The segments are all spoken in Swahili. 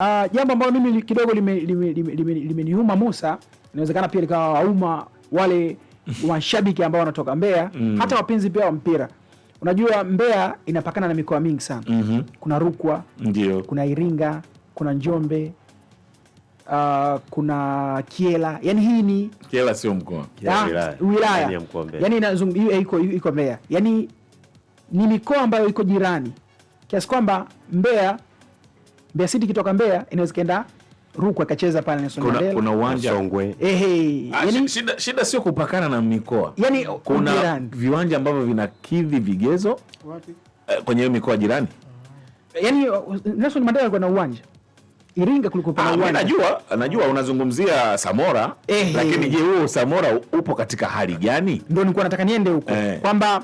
Ah, jambo ambalo mimi kidogo limeniuma Musa, inawezekana pia likawa wauma wale washabiki mm. ambao wanatoka Mbeya mm. hata wapenzi pia wa mpira. Unajua Mbeya inapakana na mikoa mingi sana mm -hmm. kuna Rukwa Ndiyo. kuna Iringa, kuna Njombe uh, kuna Kiela. Yani hii ni Kiela sio mkoa, ah, wilaya yani iko Mbeya, yani ni mikoa ambayo iko jirani kiasi kwamba Mbeya Mbeya City ikitoka Mbeya inaweza kaenda Rukwa ikacheza pale Nelson Mandela. Kuna uwanja Songwe. Ehe. Ah, yani, shida, shida sio kupakana na mikoa. Yani kuna jirani, viwanja ambavyo vinakidhi vigezo wapi? Eh, kwenye hiyo mikoa jirani. Eh, yani Nelson Mandela alikuwa na uwanja Iringa kuliko pana ah, uwanja. Anajua, anajua unazungumzia Samora ehe. Lakini je, huo Samora upo katika hali gani? Ndio nilikuwa nataka niende huko eh. kwamba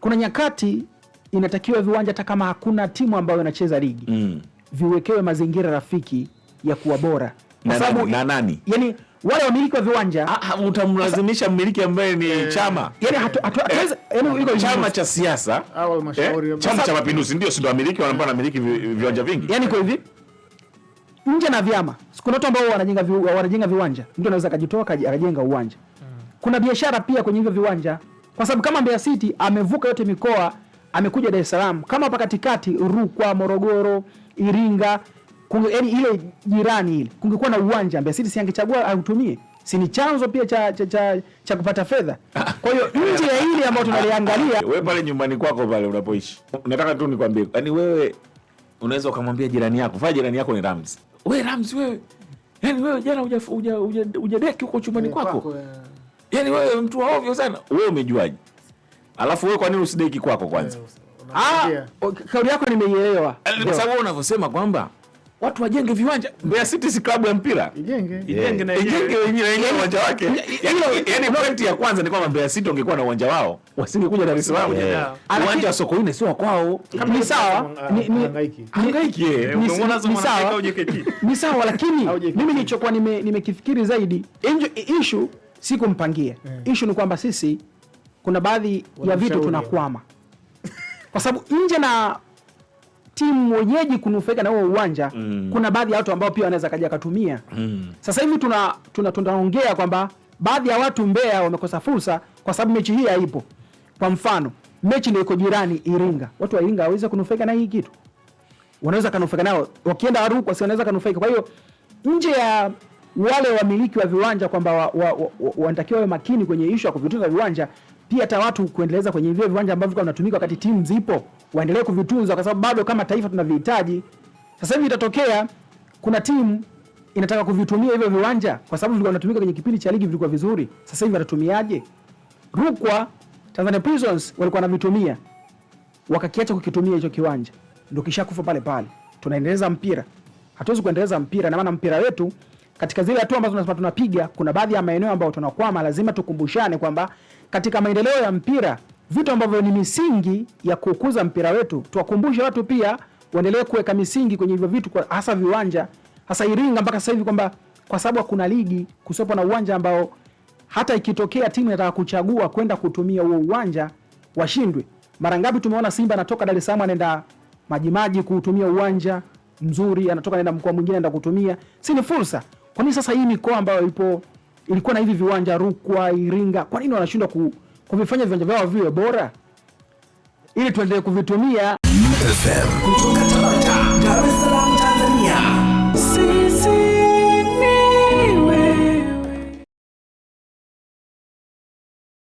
kuna nyakati inatakiwa viwanja hata kama hakuna timu ambayo inacheza ligi mm viwekewe mazingira rafiki ya kuwa bora na sababu na nani? Yani wale wamiliki wa viwanja ah, ah, utamlazimisha mmiliki ambaye ni e, chama yani hatu, hatu, eh. hatu, yani iko chama cha siasa eh, Chama cha Mapinduzi ndio si ndio wamiliki ambao wanamiliki viwanja vingi, yani kwa hivi nje na vyama, kuna watu ambao wanajenga vi, wanajenga viwanja, mtu anaweza akajitoa akajenga uwanja. Hmm. Kuna biashara pia kwenye hivyo viwanja, kwa sababu kama Mbeya City amevuka yote mikoa, amekuja Dar es Salaam, kama hapa katikati Rukwa, Morogoro Iringa, yaani ile jirani ile, kungekuwa na uwanja Mbeya City, si angechagua autumie? Si ni chanzo pia cha cha, cha, cha kupata fedha. Kwa hiyo nje ya ile ambayo tunaliangalia, wewe pale nyumbani kwako pale unapoishi, nataka tu nikwambie, yaani wewe unaweza ukamwambia jirani yako, fanya jirani yako ni Rams, wewe Rams, wewe yaani wewe jana uja, uja, uja, uja deki huko chumbani eh, kwako, yaani wewe mtu wa ovyo sana. Wewe umejuaje? Alafu wewe kwa nini usideki kwako kwanza? Eh, Ah, kauli yako nimeielewa, eh, kwa sababu unavyosema kwamba watu wajenge viwanja. Mbeya City si klabu ya mpira, ijenge eh. wenyewe uwanja wake. Yaani pointi ya kwanza ni kwamba Mbeya City ungekuwa na uwanja wao wasingekuja Dar es Salaam. Eh. Ah, uwanja wa Sokoine sio kwao, ni sawa, ni sawa, lakini mimi nilichokuwa nimekifikiri zaidi, issue si kumpangia, issue ni kwamba sisi kuna baadhi ya vitu tunakwama kwa sababu nje na timu mwenyeji kunufaika na huo uwanja mm. kuna baadhi ya watu ambao pia wanaweza kaja katumia mm. Sasa hivi tuna tunaongea tuna kwamba baadhi ya watu Mbeya wamekosa fursa kwa sababu mechi hii haipo. Kwa mfano mechi ndio iko jirani Iringa, watu wa Iringa waweza kunufaika na hii kitu, wanaweza kanufaika nao wakienda Arusha, si wanaweza kanufaika. Kwa hiyo nje ya wale wamiliki wa viwanja kwamba wanatakiwa wa, wa, wa, wa, wa makini kwenye ishu ya kuvitunza viwanja, pia hata watu kuendeleza kwenye vile viwanja ambavyo kwa vinatumika wakati timu zipo waendelee kuvitunza, kwa sababu bado kama taifa tunavihitaji. Sasa hivi itatokea kuna timu inataka kuvitumia hivyo viwanja, kwa sababu vilikuwa vinatumika kwenye kipindi cha ligi vilikuwa vizuri. Sasa hivi watatumiaje? Rukwa Tanzania Prisons walikuwa wanavitumia wakakiacha kukitumia hicho kiwanja, ndio kishakufa pale pale. Tunaendeleza mpira, hatuwezi kuendeleza mpira na maana mpira wetu katika zile hatua ambazo tunasema tunapiga, kuna baadhi ya maeneo ambayo tunakwama. Lazima tukumbushane kwamba katika maendeleo ya mpira, vitu ambavyo ni misingi ya kukuza mpira wetu, tuwakumbushe watu pia waendelee kuweka misingi kwenye hivyo vitu, hasa viwanja, hasa Iringa mpaka sasa hivi kwamba kwa sababu hakuna ligi, kusopo na uwanja ambao hata ikitokea timu inataka kuchagua kwenda kutumia huo uwanja washindwe. Mara ngapi tumeona Simba anatoka Dar es Salaam anaenda Majimaji kutumia uwanja mzuri, anatoka anaenda mkoa mwingine anaenda kutumia, si ni fursa? Kwa nini sasa hii mikoa ambayo ipo ilikuwa na hivi viwanja Rukwa, Iringa, kwa nini wanashindwa ku, kuvifanya viwanja vyao viwe bora ili tuendelee kuvitumia FM.